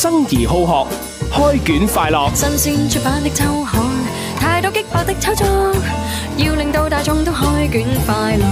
生而好學，開卷快樂。新鮮出版的週刊，太多激烈的炒作，要令到大眾都開卷快樂。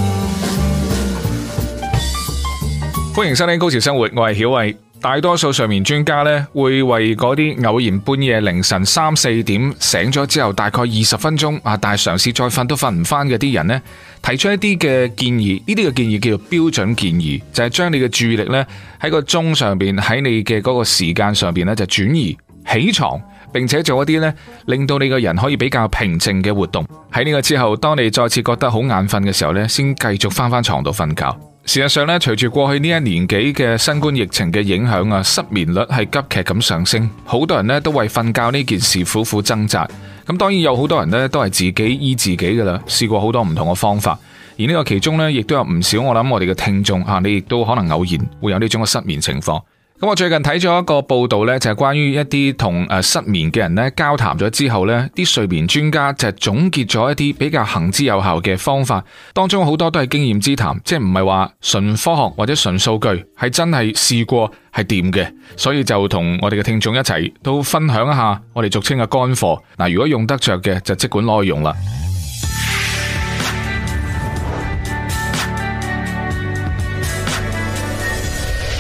歡迎收聽《高潮生活》，我係曉偉。大多數睡眠專家咧會為嗰啲偶然半夜凌晨三四點醒咗之後大概二十分鐘啊，但係嘗試再瞓都瞓唔翻嘅啲人咧，提出一啲嘅建議。呢啲嘅建議叫做標準建議，就係、是、將你嘅注意力咧喺個鐘上邊，喺你嘅嗰個時間上邊咧就轉移起床，並且做一啲咧令到你個人可以比較平靜嘅活動。喺呢個之後，當你再次覺得好眼瞓嘅時候咧，先繼續翻翻床度瞓覺。事實上咧，隨住過去呢一年幾嘅新冠疫情嘅影響啊，失眠率係急劇咁上升，好多人呢都為瞓覺呢件事苦苦掙扎。咁當然有好多人呢都係自己醫自己噶啦，試過好多唔同嘅方法。而呢個其中呢，亦都有唔少我諗我哋嘅聽眾啊，你亦都可能偶然會有呢種嘅失眠情況。咁我最近睇咗一個報道呢就係、是、關於一啲同誒失眠嘅人呢。交談咗之後呢啲睡眠專家就總結咗一啲比較行之有效嘅方法，當中好多都係經驗之談，即係唔係話純科學或者純數據，係真係試過係掂嘅，所以就同我哋嘅聽眾一齊都分享一下我哋俗稱嘅乾貨。嗱，如果用得着嘅就即管攞去用啦。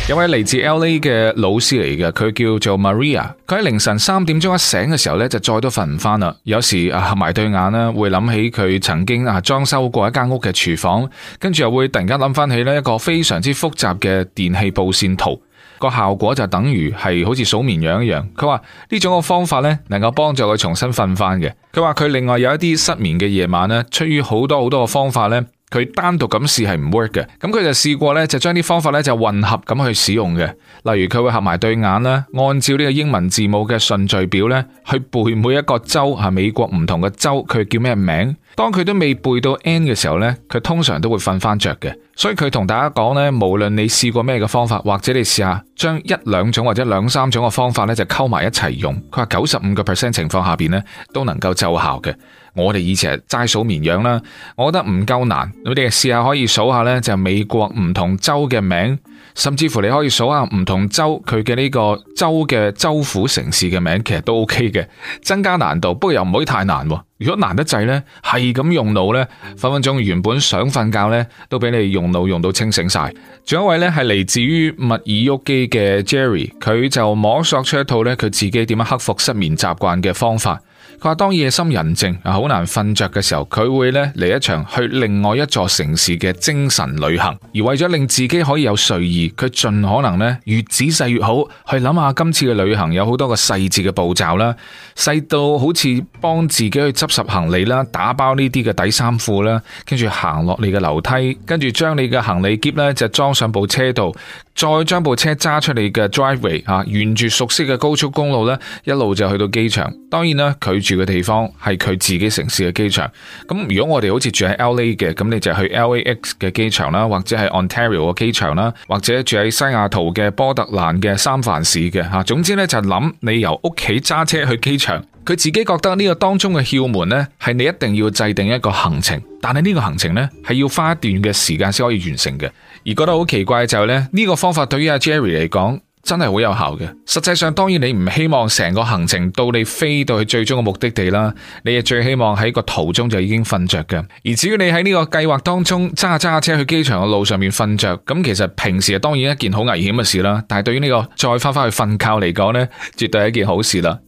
有位嚟自 LA 嘅老師嚟嘅，佢叫做 Maria。佢喺凌晨三點鐘一醒嘅時候咧，就再都瞓唔翻啦。有時啊，合埋對眼咧，會諗起佢曾經啊裝修過一間屋嘅廚房，跟住又會突然間諗翻起呢一個非常之複雜嘅電器佈線圖，個效果就等於係好似數綿羊一樣。佢話呢種嘅方法咧，能夠幫助佢重新瞓翻嘅。佢話佢另外有一啲失眠嘅夜晚咧，出於好多好多嘅方法咧。佢單獨咁試係唔 work 嘅，咁佢就試過呢，就將啲方法呢就混合咁去使用嘅。例如佢會合埋對眼啦，按照呢個英文字母嘅順序表呢去背每一個州，係美國唔同嘅州佢叫咩名。當佢都未背到 N 嘅時候呢，佢通常都會瞓翻着嘅。所以佢同大家講呢，無論你試過咩嘅方法，或者你試下將一兩種或者兩三種嘅方法呢就溝埋一齊用。佢話九十五個 percent 情況下邊呢都能夠奏效嘅。我哋以前係齋數綿羊啦，我覺得唔夠難，你哋試下可以數下呢，就係美國唔同州嘅名，甚至乎你可以數下唔同州佢嘅呢個州嘅州府城市嘅名，其實都 OK 嘅，增加難度，不過又唔可以太難。如果難得滯呢，係咁用腦呢，分分鐘原本想瞓覺呢，都俾你用腦用到清醒晒。仲有一位呢，係嚟自於密爾沃基嘅 Jerry，佢就摸索出一套呢，佢自己點樣克服失眠習慣嘅方法。佢話當夜深人靜啊，好難瞓着嘅時候，佢會咧嚟一場去另外一座城市嘅精神旅行，而為咗令自己可以有睡意，佢盡可能咧越仔細越好去諗下今次嘅旅行有好多個細節嘅步驟啦，細到好似幫自己去執拾行李啦，打包呢啲嘅底衫褲啦，跟住行落你嘅樓梯，跟住將你嘅行李篋呢就裝上部車度。再將部車揸出你嘅 driveway，吓，沿住熟悉嘅高速公路咧，一路就去到機場。當然咧，佢住嘅地方係佢自己城市嘅機場。咁如果我哋好似住喺 LA 嘅，咁你就去 LAX 嘅機場啦，或者係 Ontario 嘅機場啦，或者住喺西雅圖嘅波特蘭嘅三藩市嘅，吓。總之呢就諗你由屋企揸車去機場。佢自己覺得呢個當中嘅竅門呢，係你一定要制定一個行程，但係呢個行程呢，係要花一段嘅時間先可以完成嘅。而覺得好奇怪就係呢，呢個方法對於阿 Jerry 嚟講真係好有效嘅。實際上，當然你唔希望成個行程到你飛到去最終嘅目的地啦，你係最希望喺個途中就已經瞓着嘅。而至於你喺呢個計劃當中揸揸車去機場嘅路上面瞓着，咁其實平時啊當然一件好危險嘅事啦。但係對於呢個再翻翻去瞓覺嚟講，呢絕對係一件好事啦。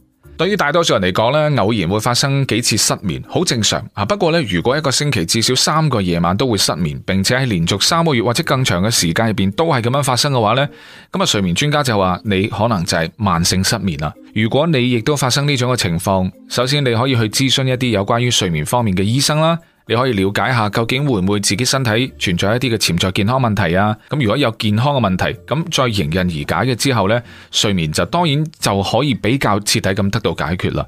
對於大多數人嚟講咧，偶然會發生幾次失眠，好正常啊。不過咧，如果一個星期至少三個夜晚都會失眠，並且喺連續三個月或者更長嘅時間入邊都係咁樣發生嘅話咧，咁啊睡眠專家就話你可能就係慢性失眠啦。如果你亦都發生呢種嘅情況，首先你可以去諮詢一啲有關於睡眠方面嘅醫生啦。你可以了解下究竟會唔會自己身體存在一啲嘅潛在健康問題啊？咁如果有健康嘅問題，咁再迎刃而解嘅之後呢，睡眠就當然就可以比較徹底咁得到解決啦。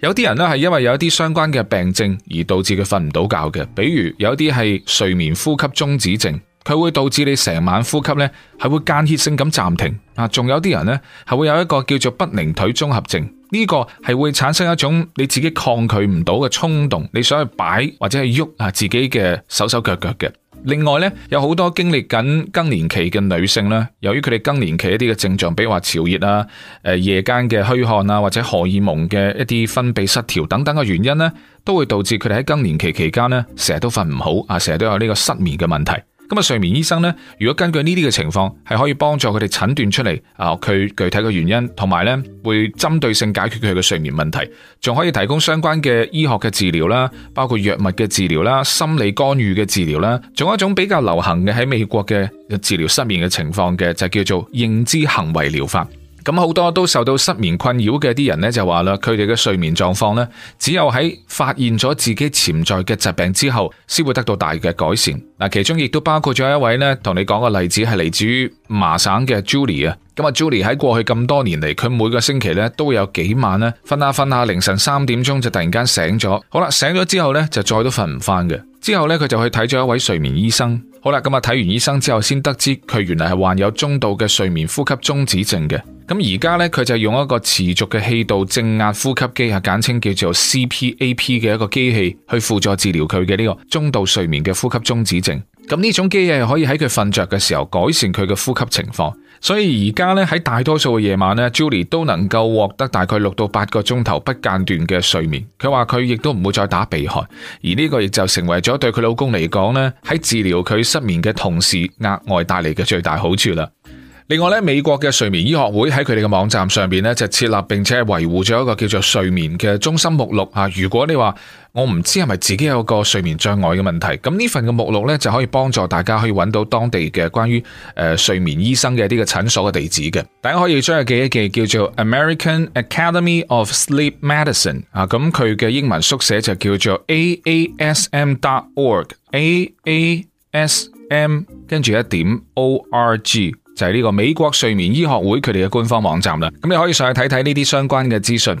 有啲人呢係因為有一啲相關嘅病症而導致佢瞓唔到覺嘅，比如有啲係睡眠呼吸中止症，佢會導致你成晚呼吸呢係會間歇性咁暫停啊。仲有啲人呢係會有一個叫做不寧腿綜合症。呢個係會產生一種你自己抗拒唔到嘅衝動，你想去擺或者係喐啊自己嘅手手腳腳嘅。另外呢，有好多經歷緊更年期嘅女性呢，由於佢哋更年期一啲嘅症狀，比如話潮熱啊、呃、夜間嘅虛汗啊，或者荷爾蒙嘅一啲分泌失調等等嘅原因呢，都會導致佢哋喺更年期期間呢，成日都瞓唔好啊，成日都有呢個失眠嘅問題。咁啊，睡眠醫生咧，如果根據呢啲嘅情況，係可以幫助佢哋診斷出嚟啊，佢具體嘅原因，同埋咧會針對性解決佢嘅睡眠問題，仲可以提供相關嘅醫學嘅治療啦，包括藥物嘅治療啦、心理干預嘅治療啦，仲有一種比較流行嘅喺美國嘅治療失眠嘅情況嘅，就叫做認知行為療法。咁好多都受到失眠困擾嘅啲人呢，就話啦，佢哋嘅睡眠狀況呢，只有喺發現咗自己潛在嘅疾病之後，先會得到大嘅改善。嗱，其中亦都包括咗一位呢，同你講嘅例子係嚟自於麻省嘅 Julie 啊。咁啊，Julie 喺過去咁多年嚟，佢每個星期呢，都有幾晚咧瞓下瞓下，凌晨三點鐘就突然間醒咗。好啦，醒咗之後呢，就再都瞓唔翻嘅。之後呢，佢就去睇咗一位睡眠醫生。好啦，咁啊睇完醫生之後，先得知佢原來係患有中度嘅睡眠呼吸中止症嘅。咁而家咧，佢就用一個持續嘅氣道正壓呼吸機啊，簡稱叫做 CPAP 嘅一個機器，去輔助治療佢嘅呢個中度睡眠嘅呼吸中止症。咁呢種機器可以喺佢瞓着嘅時候改善佢嘅呼吸情況，所以而家咧喺大多數嘅夜晚咧，Julie 都能夠獲得大概六到八個鐘頭不間斷嘅睡眠。佢話佢亦都唔會再打鼻鼾，而呢個亦就成為咗對佢老公嚟講咧，喺治療佢失眠嘅同時，額外帶嚟嘅最大好處啦。另外咧，美國嘅睡眠醫學會喺佢哋嘅網站上邊咧就設立並且係維護咗一個叫做睡眠嘅中心目錄啊。如果你話我唔知係咪自己有個睡眠障礙嘅問題，咁呢份嘅目錄咧就可以幫助大家可以搵到當地嘅關於誒睡眠醫生嘅呢個診所嘅地址嘅。大家可以將佢記一記叫做 American Academy of Sleep Medicine 啊，咁佢嘅英文縮寫就叫做 A A S M dot org A A S M 跟住一點 O R G。就係呢個美國睡眠醫學會佢哋嘅官方網站啦，咁你可以上去睇睇呢啲相關嘅資訊。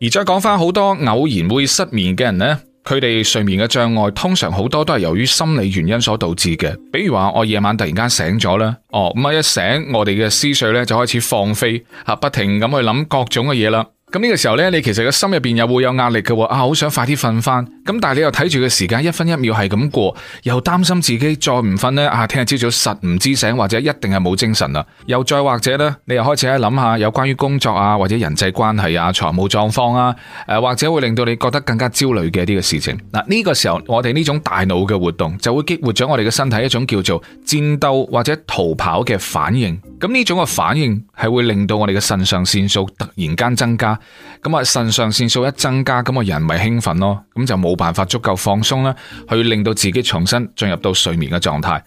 而再講翻好多偶然會失眠嘅人呢，佢哋睡眠嘅障礙通常好多都係由於心理原因所導致嘅，比如話我夜晚突然間醒咗啦，哦咁啊一醒我哋嘅思緒咧就開始放飛，啊不停咁去諗各種嘅嘢啦。咁呢個時候呢，你其實個心入邊又會有壓力嘅喎、哦。啊，好想快啲瞓翻，咁但係你又睇住個時間一分一秒係咁過，又擔心自己再唔瞓呢。啊，聽日朝早實唔知醒，或者一定係冇精神啦。又再或者呢，你又開始喺諗下有關於工作啊，或者人際關係啊、財務狀況啊，誒，或者會令到你覺得更加焦慮嘅呢、這個事情。嗱，呢個時候我哋呢種大腦嘅活動，就會激活咗我哋嘅身體一種叫做戰鬥或者逃跑嘅反應。咁、嗯、呢種嘅反應係會令到我哋嘅腎上腺素突然間增加。咁啊，腎上腺素一增加，咁啊人咪興奮咯，咁就冇辦法足夠放鬆啦，去令到自己重新進入到睡眠嘅狀態。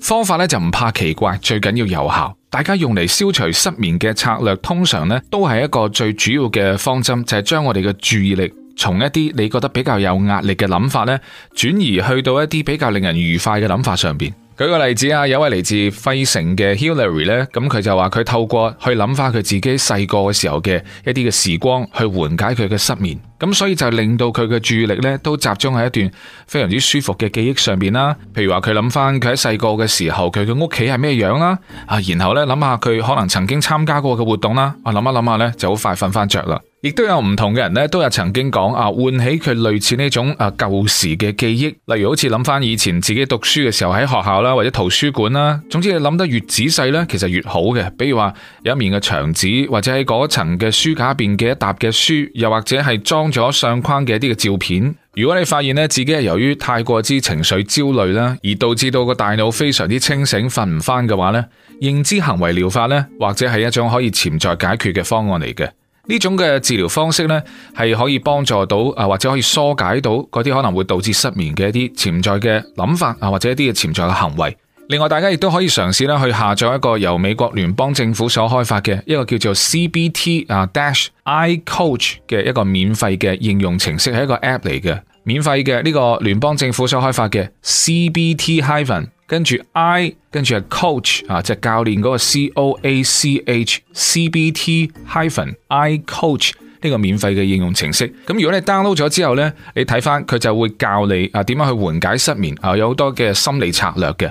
方法咧就唔怕奇怪，最緊要有效。大家用嚟消除失眠嘅策略，通常咧都係一個最主要嘅方針，就係將我哋嘅注意力從一啲你覺得比較有壓力嘅諗法咧，轉移去到一啲比較令人愉快嘅諗法上邊。舉個例子啊，有位嚟自費城嘅 Hillary 咧，咁佢就話佢透過去諗返佢自己細個嘅時候嘅一啲嘅時光，去緩解佢嘅失眠。咁所以就令到佢嘅注意力咧都集中喺一段非常之舒服嘅記憶上邊啦。譬如話佢諗翻佢喺細個嘅時候，佢嘅屋企係咩樣啦？啊，然後咧諗下佢可能曾經參加過嘅活動啦。啊，諗一諗下咧就好快瞓翻着啦。亦都有唔同嘅人咧，都有曾經講啊，喚起佢類似呢種啊舊時嘅記憶。例如好似諗翻以前自己讀書嘅時候喺學校啦，或者圖書館啦。總之你諗得越仔細咧，其實越好嘅。比如話有一面嘅牆紙，或者喺嗰層嘅書架入邊嘅一沓嘅書，又或者係裝咗相框嘅一啲嘅照片，如果你發現咧自己係由於太過之情緒焦慮啦，而導致到個大腦非常之清醒，瞓唔翻嘅話咧，認知行為療法咧，或者係一種可以潛在解決嘅方案嚟嘅。呢種嘅治療方式咧，係可以幫助到啊，或者可以疏解到嗰啲可能會導致失眠嘅一啲潛在嘅諗法啊，或者一啲嘅潛在嘅行為。另外，大家亦都可以嘗試咧去下載一個由美國聯邦政府所開發嘅一個叫做 CBT 啊 Dash I Coach 嘅一個免費嘅應用程式，係一個 app 嚟嘅，免費嘅呢個聯邦政府所開發嘅 CBT Hyphen 跟住 I 跟住係 Coach 啊，即係教練嗰個 C O A C H CBT Hyphen I Coach 呢個免費嘅應用程式。咁如果你 download 咗之後呢，你睇翻佢就會教你啊點樣去緩解失眠啊，有好多嘅心理策略嘅。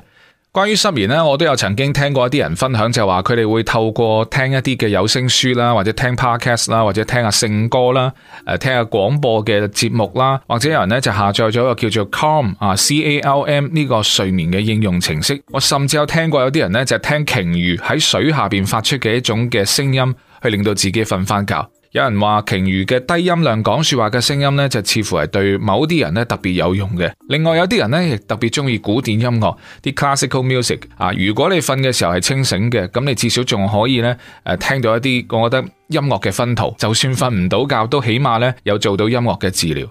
關於失眠咧，我都有曾經聽過一啲人分享，就係話佢哋會透過聽一啲嘅有聲書啦，或者聽 Podcast 啦，或者聽下聖歌啦，誒，聽下廣播嘅節目啦，或者有人咧就下載咗一個叫做 Calm 啊 c a l m 呢個睡眠嘅應用程式。我甚至有聽過有啲人咧就聽鯨魚喺水下邊發出嘅一種嘅聲音，去令到自己瞓翻覺。有人話鯨魚嘅低音量講說話嘅聲音呢，就似乎係對某啲人呢特別有用嘅。另外有啲人呢，亦特別中意古典音樂啲 classical music 啊。如果你瞓嘅時候係清醒嘅，咁你至少仲可以呢誒、啊、聽到一啲我覺得音樂嘅熏陶，就算瞓唔到覺都起碼呢有做到音樂嘅治療。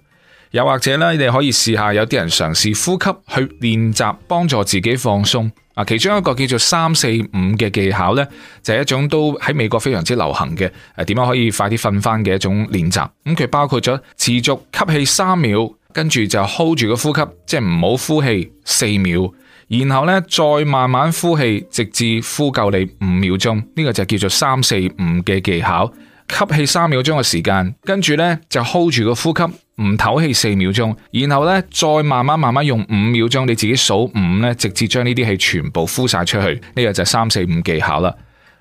又或者呢，你可以試下有啲人嘗試呼吸去練習，幫助自己放鬆。啊，其中一個叫做三四五嘅技巧咧，就係、是、一種都喺美國非常之流行嘅，誒點樣可以快啲瞓翻嘅一種練習。咁、嗯、佢包括咗持續吸氣三秒，跟住就 hold 住個呼吸，即係唔好呼氣四秒，然後咧再慢慢呼氣，直至呼夠你五秒鐘。呢、這個就叫做三四五嘅技巧，吸氣三秒鐘嘅時間，跟住咧就 hold 住個呼吸。唔唞氣四秒鐘，然後呢，再慢慢慢慢用五秒鐘，你自己數五呢，直接將呢啲氣全部呼晒出去，呢個就係三四五技巧啦。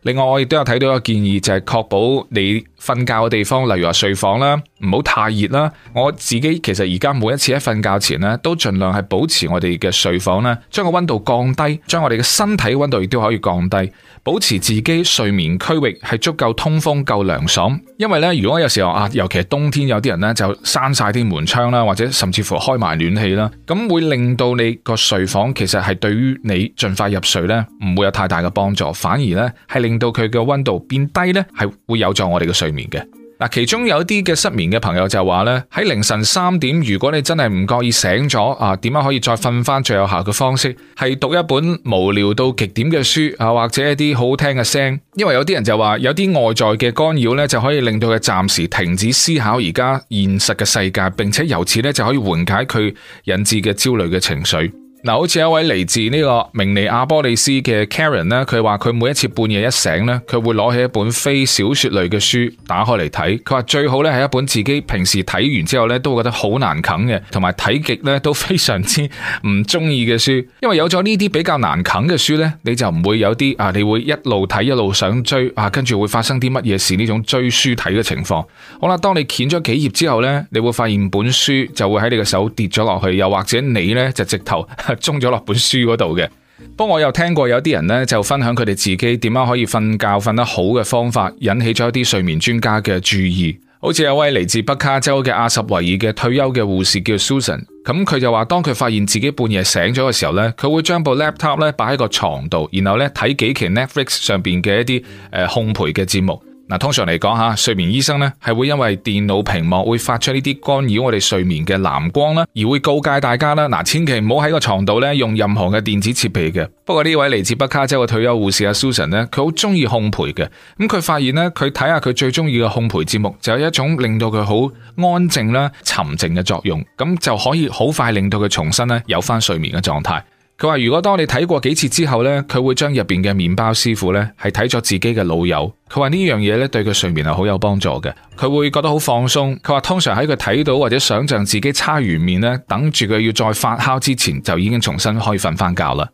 另外我亦都有睇到一個建議，就係確保你。瞓覺嘅地方，例如話睡房啦，唔好太熱啦。我自己其實而家每一次喺瞓覺前呢，都盡量係保持我哋嘅睡房呢，將個溫度降低，將我哋嘅身體溫度亦都可以降低，保持自己睡眠區域係足夠通風、夠涼爽。因為呢，如果有時候啊，尤其係冬天有啲人呢就閂晒啲門窗啦，或者甚至乎開埋暖氣啦，咁會令到你個睡房其實係對於你盡快入睡呢，唔會有太大嘅幫助，反而呢，係令到佢嘅溫度變低呢，係會有助我哋嘅睡眠嘅嗱，其中有啲嘅失眠嘅朋友就話咧，喺凌晨三點，如果你真係唔覺意醒咗啊，點樣可以再瞓返？最有效嘅方式係讀一本無聊到極點嘅書啊，或者一啲好聽嘅聲，因為有啲人就話有啲外在嘅干擾咧，就可以令到佢暫時停止思考而家現實嘅世界，並且由此咧就可以緩解佢引致嘅焦慮嘅情緒。嗱，好似有一位嚟自呢個明尼阿波利斯嘅 Karen 咧，佢話佢每一次半夜一醒咧，佢會攞起一本非小說類嘅書打開嚟睇。佢話最好咧係一本自己平時睇完之後咧都會覺得好難啃嘅，同埋睇極咧都非常之唔中意嘅書。因為有咗呢啲比較難啃嘅書咧，你就唔會有啲啊，你會一路睇一路想追啊，跟住會發生啲乜嘢事呢種追書睇嘅情況。好啦，當你掀咗幾頁之後咧，你會發現本書就會喺你嘅手跌咗落去，又或者你咧就直頭。 中咗落本書嗰度嘅。不過我又聽過有啲人呢，就分享佢哋自己點樣可以瞓覺瞓得好嘅方法，引起咗一啲睡眠專家嘅注意。好似有位嚟自北卡州嘅阿什維爾嘅退休嘅護士叫 Susan，咁佢就話，當佢發現自己半夜醒咗嘅時候呢，佢會將部 laptop 咧擺喺個床度，然後咧睇幾期 Netflix 上邊嘅一啲誒烘焙嘅節目。通常嚟講吓，睡眠醫生咧係會因為電腦屏幕會發出呢啲干擾我哋睡眠嘅藍光啦，而會告誡大家啦，嗱，千祈唔好喺個床度咧用任何嘅電子設備嘅。不過呢位嚟自北卡州嘅退休護士阿 Susan 咧，佢好中意烘焙嘅，咁佢發現咧，佢睇下佢最中意嘅烘焙節目，就有一種令到佢好安靜啦、沉靜嘅作用，咁就可以好快令到佢重新咧有翻睡眠嘅狀態。佢話，如果當你哋睇過幾次之後呢，佢會將入面嘅麵包師傅呢係睇作自己嘅老友。佢話，呢樣嘢呢對佢睡眠係好有幫助嘅，佢會覺得好放鬆。佢話，通常喺佢睇到或者想象自己叉完麵呢，等住佢要再發酵之前，就已經重新可以瞓翻覺啦。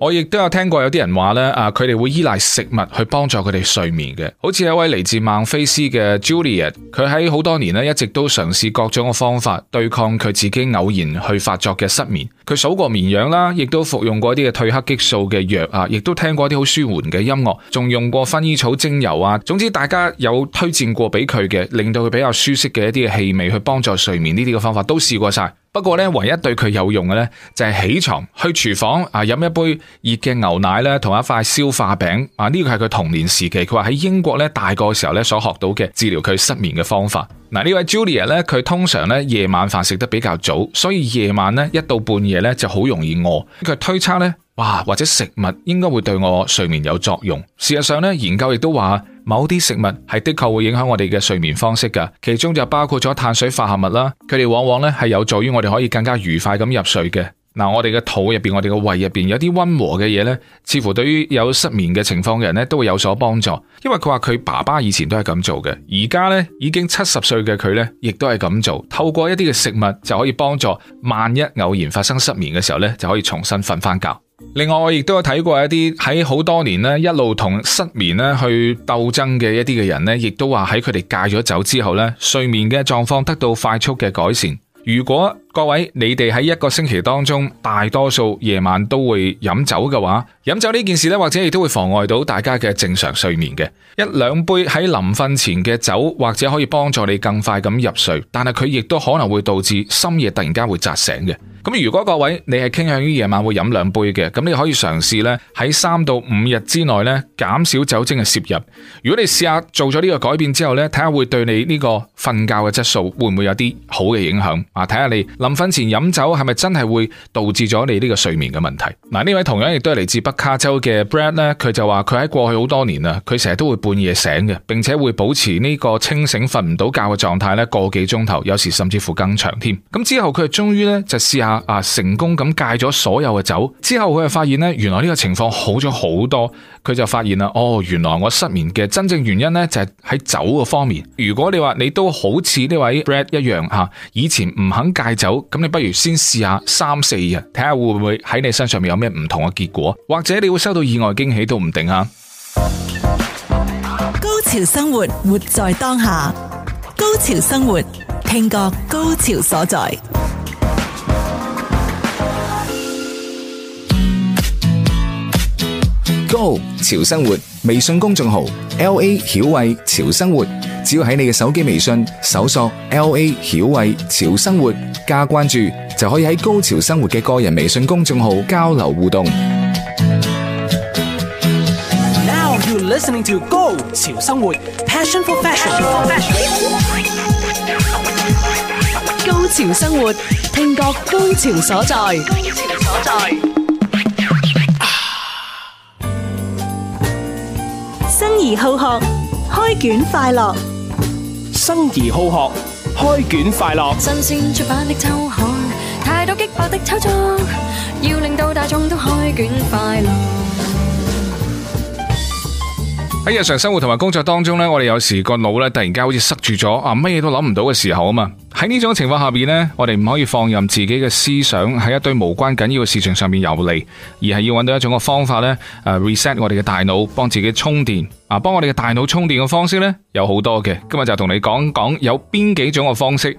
我亦都有聽過有啲人話咧，啊，佢哋會依賴食物去幫助佢哋睡眠嘅，好似一位嚟自孟菲斯嘅 Juliet，佢喺好多年咧，一直都嘗試各種嘅方法對抗佢自己偶然去發作嘅失眠。佢數過綿羊啦，亦都服用過一啲嘅褪黑激素嘅藥啊，亦都聽過一啲好舒緩嘅音樂，仲用過薰衣草精油啊，總之大家有推薦過俾佢嘅，令到佢比較舒適嘅一啲嘅氣味去幫助睡眠呢啲嘅方法都試過晒。不過咧，唯一對佢有用嘅咧，就係起床去廚房啊，飲一杯熱嘅牛奶咧，同一塊消化餅啊，呢個係佢童年時期佢話喺英國咧大個時候咧所學到嘅治療佢失眠嘅方法。嗱，呢位 Julia 咧，佢通常咧夜晚飯食得比較早，所以夜晚咧一到半夜咧就好容易餓。佢推測咧，哇，或者食物應該會對我睡眠有作用。事實上咧，研究亦都話。某啲食物係的確會影響我哋嘅睡眠方式嘅，其中就包括咗碳水化合物啦。佢哋往往呢係有助於我哋可以更加愉快咁入睡嘅。嗱、嗯，我哋嘅肚入面，我哋嘅胃入面有啲溫和嘅嘢咧，似乎對於有失眠嘅情況嘅人咧都會有所幫助。因為佢話佢爸爸以前都係咁做嘅，而家呢，已經七十歲嘅佢呢，亦都係咁做。透過一啲嘅食物就可以幫助，萬一偶然發生失眠嘅時候呢，就可以重新瞓翻覺。另外，我亦都有睇過一啲喺好多年咧，一路同失眠咧去鬥爭嘅一啲嘅人咧，亦都話喺佢哋戒咗酒之後咧，睡眠嘅狀況得到快速嘅改善。如果各位，你哋喺一個星期當中，大多數夜晚都會飲酒嘅話，飲酒呢件事呢，或者亦都會妨礙到大家嘅正常睡眠嘅。一兩杯喺臨瞓前嘅酒，或者可以幫助你更快咁入睡，但係佢亦都可能會導致深夜突然間會扎醒嘅。咁如果各位你係傾向於夜晚會飲兩杯嘅，咁你可以嘗試呢，喺三到五日之內呢，減少酒精嘅攝入。如果你試下做咗呢個改變之後呢，睇下會對你呢個瞓覺嘅質素會唔會有啲好嘅影響啊？睇下你。臨瞓前飲酒係咪真係會導致咗你呢個睡眠嘅問題？嗱，呢位同樣亦都係嚟自北卡州嘅 Brad，呢佢就話佢喺過去好多年啦，佢成日都會半夜醒嘅，並且會保持呢個清醒瞓唔到覺嘅狀態，呢個幾鐘頭，有時甚至乎更長添。咁之後佢係終於呢就試下啊，成功咁戒咗所有嘅酒，之後佢就發現呢，原來呢個情況好咗好多。佢就發現啦，哦，原來我失眠嘅真正原因呢，就係喺酒嘅方面。如果你話你都好似呢位 Brad 一樣吓，以前唔肯戒酒，咁你不如先試下三四日，睇下會唔會喺你身上面有咩唔同嘅結果，或者你會收到意外驚喜都唔定啊！高潮生活，活在當下；高潮生活，聽覺高潮所在。Go 潮生活微信公眾號，L A 曉慧潮生活，只要喺你嘅手機微信搜索 L A 曉慧潮生活加關注，就可以喺高潮生活嘅個人微信公眾號交流互動。Now you're listening to Go 潮生活，Passion for Fashion。高潮生活，聽覺高潮所在，高潮所在。生而好學，開卷快樂。生而好學，開卷快樂。新鮮出版的《秋海》，太多激烈的炒作，要令到大眾都開卷快樂。喺日常生活同埋工作當中呢，我哋有時個腦呢，突然間好似塞住咗啊，乜嘢都諗唔到嘅時候啊嘛。喺呢種情況下邊呢，我哋唔可以放任自己嘅思想喺一堆無關緊要嘅事情上面游離，而係要揾到一種嘅方法呢誒 reset 我哋嘅大腦，幫自己充電。啊，幫我哋嘅大腦充電嘅方式呢，有好多嘅，今日就同你講講有邊幾種嘅方式。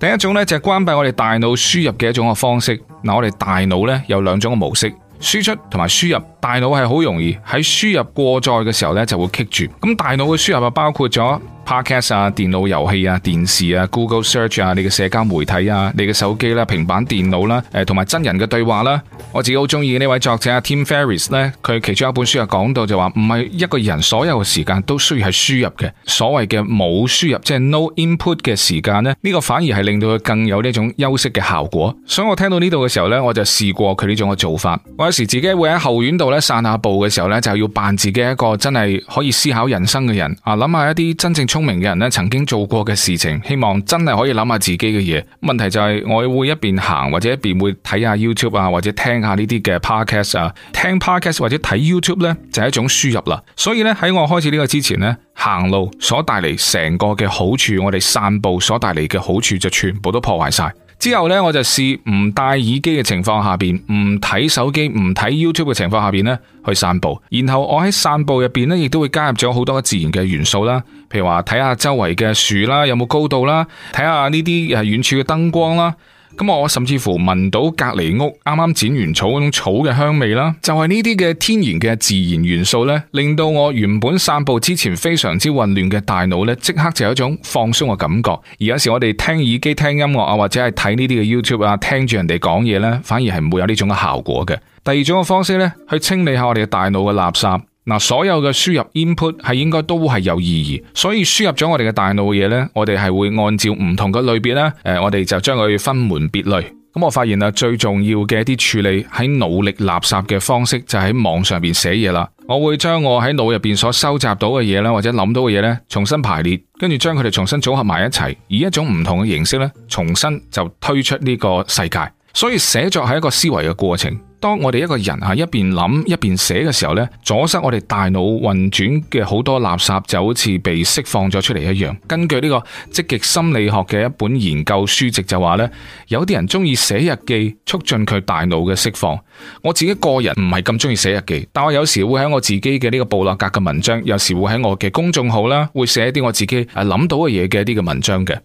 第一種呢，就係關閉我哋大腦輸入嘅一種嘅方式。嗱，我哋大腦呢，有兩種嘅模式，輸出同埋輸入。大腦係好容易喺輸入過載嘅時候呢，就會 kick 住。咁大腦嘅輸入啊包括咗。podcast 啊、電腦遊戲啊、電視啊、Google Search 啊、你嘅社交媒體啊、你嘅手機啦、平板電腦啦、誒同埋真人嘅對話啦，我自己好中意呢位作者阿 Tim Ferriss 呢，佢其中一本書啊講到就話，唔係一個人所有嘅時間都需要係輸入嘅，所謂嘅冇輸入即係、就是、no input 嘅時間呢。這呢個反而係令到佢更有呢種休息嘅效果。所以我聽到呢度嘅時候呢，我就試過佢呢種嘅做法。我有時自己會喺後院度呢散下步嘅時候呢，就要扮自己一個真係可以思考人生嘅人啊，諗下一啲真正聰明嘅人咧，曾經做過嘅事情，希望真係可以諗下自己嘅嘢。問題就係我會一邊行或者一邊會睇下 YouTube 啊，或者聽下呢啲嘅 Podcast 啊，聽 Podcast 或者睇 YouTube 呢，就係一種輸入啦。所以呢，喺我開始呢個之前呢行路所帶嚟成個嘅好處，我哋散步所帶嚟嘅好處就全部都破壞晒。之後呢，我就試唔戴耳機嘅情況下邊，唔睇手機、唔睇 YouTube 嘅情況下邊呢，去散步。然後我喺散步入邊呢，亦都會加入咗好多自然嘅元素啦，譬如話睇下周圍嘅樹啦，有冇高度啦，睇下呢啲誒遠處嘅燈光啦。咁我甚至乎聞到隔籬屋啱啱剪完草嗰種草嘅香味啦，就係呢啲嘅天然嘅自然元素咧，令到我原本散步之前非常之混亂嘅大腦咧，即刻就有一種放鬆嘅感覺。而有時我哋聽耳機聽音樂啊，或者係睇呢啲嘅 YouTube 啊，聽住人哋講嘢咧，反而係唔會有呢種嘅效果嘅。第二種嘅方式咧，去清理下我哋嘅大腦嘅垃圾。嗱，所有嘅輸入 input 係應該都係有意義，所以輸入咗我哋嘅大腦嘅嘢咧，我哋係會按照唔同嘅類別咧，誒，我哋就將佢分門別類。咁我發現啦，最重要嘅一啲處理喺腦力垃圾嘅方式，就喺網上邊寫嘢啦。我會將我喺腦入邊所收集到嘅嘢咧，或者諗到嘅嘢咧，重新排列，跟住將佢哋重新組合埋一齊，以一種唔同嘅形式咧，重新就推出呢個世界。所以寫作係一個思維嘅過程。當我哋一個人吓，一邊諗一邊寫嘅時候咧，阻塞我哋大腦運轉嘅好多垃圾就好似被釋放咗出嚟一樣。根據呢個積極心理學嘅一本研究書籍就話呢：「有啲人中意寫日記，促進佢大腦嘅釋放。我自己個人唔係咁中意寫日記，但我有時會喺我自己嘅呢個布洛格嘅文章，有時會喺我嘅公眾號啦，會寫一啲我自己誒諗到嘅嘢嘅一啲嘅文章嘅。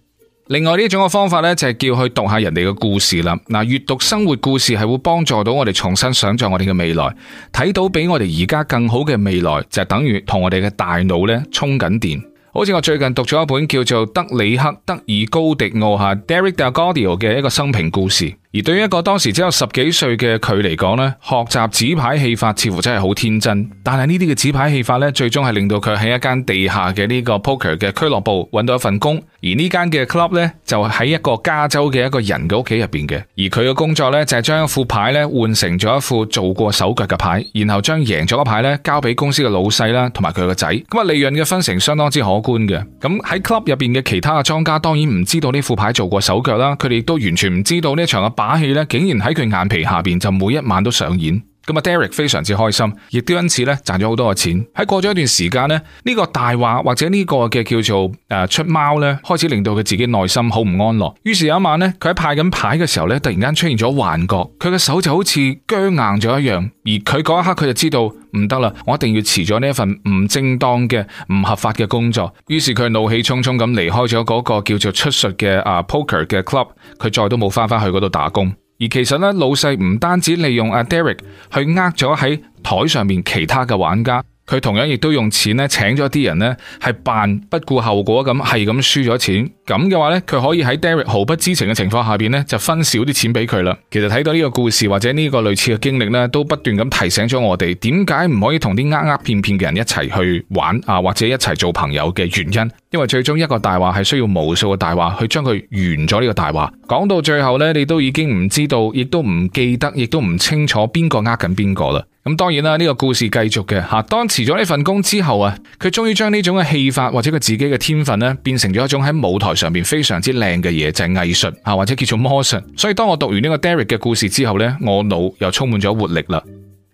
另外呢種嘅方法呢，就係叫去讀下人哋嘅故事啦。嗱，閱讀生活故事係會幫助到我哋重新想象我哋嘅未來，睇到比我哋而家更好嘅未來，就是、等於同我哋嘅大腦呢充緊電。好似我最近讀咗一本叫做《德里克·德爾高迪奧》吓 （Derek d de a l g o d i o 嘅一個生平故事。而對於一個當時只有十幾歲嘅佢嚟講呢，學習紙牌戲法似乎真係好天真。但係呢啲嘅紙牌戲法呢，最終係令到佢喺一間地下嘅呢個 poker 嘅俱樂部揾到一份工。而這間的呢間嘅 club 呢就喺一個加州嘅一個人嘅屋企入面嘅，而佢嘅工作呢就係、是、將一副牌呢換成咗一副做過手腳嘅牌，然後將贏咗嘅牌呢交俾公司嘅老細啦，同埋佢個仔，咁啊利潤嘅分成相當之可觀嘅。咁喺 club 入面嘅其他嘅莊家當然唔知道呢副牌做過手腳啦，佢哋都完全唔知道呢場嘅把戲呢，竟然喺佢眼皮下面，就每一晚都上演。咁啊，Derek 非常之開心，亦都因此咧賺咗好多嘅錢。喺過咗一段時間呢，呢、呢個大話或者呢個嘅叫做誒出貓咧，開始令到佢自己內心好唔安樂。於是有一晚咧，佢喺派緊牌嘅時候咧，突然間出現咗幻覺，佢嘅手就好似殭硬咗一樣。而佢嗰一刻佢就知道唔得啦，我一定要辭咗呢一份唔正當嘅、唔合法嘅工作。於是佢怒氣沖沖咁離開咗嗰個叫做出術嘅啊 poker 嘅 club，佢再都冇翻翻去嗰度打工。而其實咧，老細唔單止利用阿 Derek 去呃咗喺台上面其他嘅玩家。佢同樣亦都用錢咧請咗啲人咧，係扮不顧後果咁，係咁輸咗錢。咁嘅話咧，佢可以喺 Derek 毫不知情嘅情況下邊咧，就分少啲錢俾佢啦。其實睇到呢個故事或者呢個類似嘅經歷咧，都不斷咁提醒咗我哋點解唔可以同啲呃呃騙騙嘅人一齊去玩啊，或者一齊做朋友嘅原因。因為最終一個大話係需要無數嘅大話去將佢完咗呢個大話。講到最後咧，你都已經唔知道，亦都唔記得，亦都唔清楚邊個呃緊邊個啦。咁當然啦，呢個故事繼續嘅吓。當辭咗呢份工之後啊，佢終於將呢種嘅戲法或者佢自己嘅天分咧，變成咗一種喺舞台上面非常之靚嘅嘢，就係藝術吓，或者叫做 motion。所以當我讀完呢個 Derek 嘅故事之後咧，我腦又充滿咗活力啦。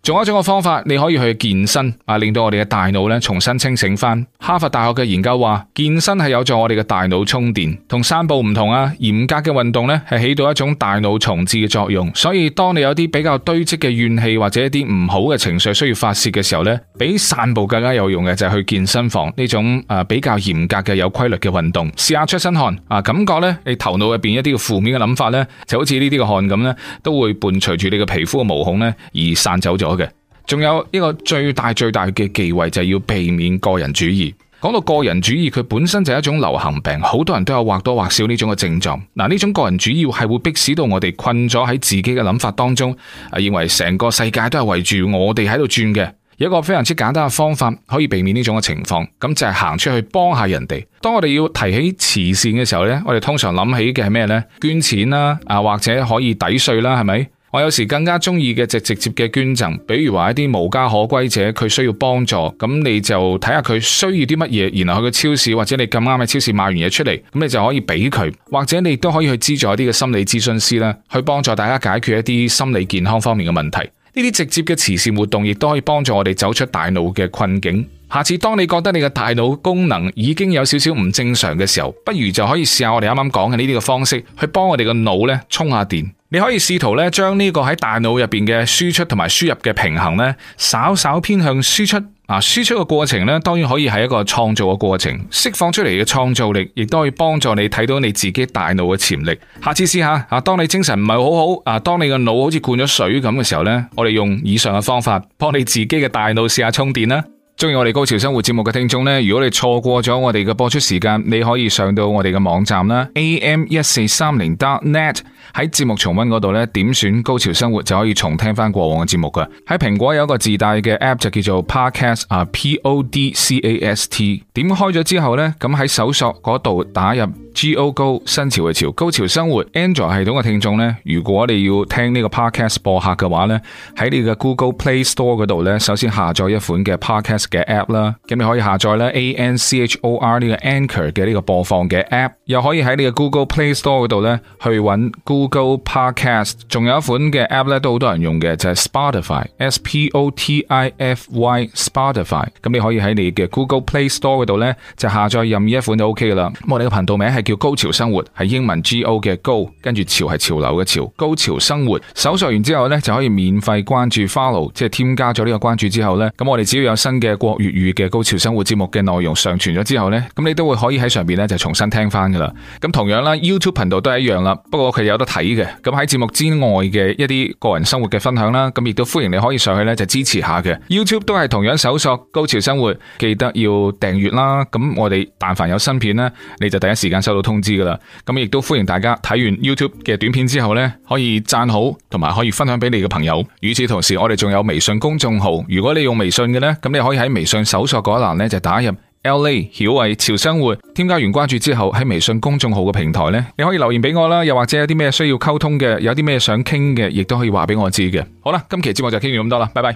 仲有一種嘅方法，你可以去健身啊，令到我哋嘅大腦咧重新清醒翻。哈佛大學嘅研究話，健身係有助我哋嘅大腦充電，同散步唔同啊。嚴格嘅運動咧，係起到一種大腦重置嘅作用。所以，當你有啲比較堆積嘅怨氣或者一啲唔好嘅情緒需要發洩嘅時候呢，比散步更加有用嘅就係去健身房呢種啊比較嚴格嘅有規律嘅運動。試下出身汗啊，感覺咧你頭腦入邊一啲嘅負面嘅諗法呢，就好似呢啲嘅汗咁呢，都會伴隨住你嘅皮膚嘅毛孔呢而散走咗。仲有呢個最大最大嘅忌諱就係要避免個人主義。講到個人主義，佢本身就係一種流行病，好多人都有或多或少呢種嘅症狀。嗱，呢種個人主義係會迫使到我哋困咗喺自己嘅諗法當中，啊，認為成個世界都係圍住我哋喺度轉嘅。有一個非常之簡單嘅方法可以避免呢種嘅情況，咁就係、是、行出去幫下人哋。當我哋要提起慈善嘅時候呢，我哋通常諗起嘅係咩呢？捐錢啦，啊，或者可以抵稅啦、啊，係咪？我有時更加中意嘅就直接嘅捐贈，比如話一啲無家可歸者佢需要幫助，咁你就睇下佢需要啲乜嘢，然後去個超市或者你咁啱喺超市買完嘢出嚟，咁你就可以俾佢，或者你亦都可以去資助一啲嘅心理諮詢師啦，去幫助大家解決一啲心理健康方面嘅問題。呢啲直接嘅慈善活動亦都可以幫助我哋走出大腦嘅困境。下次當你覺得你嘅大腦功能已經有少少唔正常嘅時候，不如就可以試下我哋啱啱講嘅呢啲嘅方式，去幫我哋嘅腦呢充下電。你可以試圖咧將呢個喺大腦入邊嘅輸出同埋輸入嘅平衡咧，稍稍偏向輸出啊！輸出嘅過程咧，當然可以係一個創造嘅過程，釋放出嚟嘅創造力，亦都可以幫助你睇到你自己大腦嘅潛力。下次試下啊！當你精神唔係好好啊，當你個腦好似灌咗水咁嘅時候咧，我哋用以上嘅方法幫你自己嘅大腦試下充電啦！中意我哋《高潮生活》節目嘅聽眾咧，如果你錯過咗我哋嘅播出時間，你可以上到我哋嘅網站啦，am1430.net。喺節目重温嗰度咧，點選高潮生活就可以重聽翻過往嘅節目噶。喺蘋果有一個自帶嘅 app 就叫做 Podcast 啊，P-O-D-C-A-S-T。O D C A S、T, 點開咗之後呢？咁喺搜索嗰度打入 Go Go 新潮嘅潮，高潮生活。Android 系統嘅聽眾呢。如果你要聽呢個 Podcast 播客嘅話呢，喺你嘅 Google Play Store 度呢，首先下載一款嘅 Podcast 嘅 app 啦，咁你可以下載咧 A-N-C-H-O-R 呢個 Anchor 嘅呢個播放嘅 app，又可以喺你嘅 Google Play Store 度呢去揾。Google Podcast 仲有一款嘅 app 咧，都好多人用嘅，就係 Spotify，S P O T I F Y，Spotify。咁你可以喺你嘅 Google Play Store 度咧，就下載任意一款就 OK 噶啦。咁我哋嘅頻道名係叫高潮生活，係英文 G O 嘅高，跟住潮係潮流嘅潮，高潮生活。搜索完之後咧，就可以免費關注 follow，即係添加咗呢個關注之後咧，咁我哋只要有新嘅國粵語嘅高潮生活節目嘅內容上傳咗之後咧，咁你都會可以喺上面咧就重新聽翻噶啦。咁同樣啦，YouTube 頻道都係一樣啦，不過佢有得。睇嘅咁喺節目之外嘅一啲個人生活嘅分享啦，咁亦都歡迎你可以上去呢就支持下嘅。YouTube 都係同樣搜索高潮生活，記得要訂閱啦。咁我哋但凡,凡有新片呢，你就第一時間收到通知噶啦。咁亦都歡迎大家睇完 YouTube 嘅短片之後呢，可以讚好同埋可以分享俾你嘅朋友。與此同時，我哋仲有微信公眾號，如果你用微信嘅呢，咁你可以喺微信搜索嗰一欄呢就打入。L A 曉慧潮生活，添加完關注之後喺微信公眾號嘅平台呢，你可以留言俾我啦，又或者有啲咩需要溝通嘅，有啲咩想傾嘅，亦都可以話俾我知嘅。好啦，今期節目就傾完咁多啦，拜拜。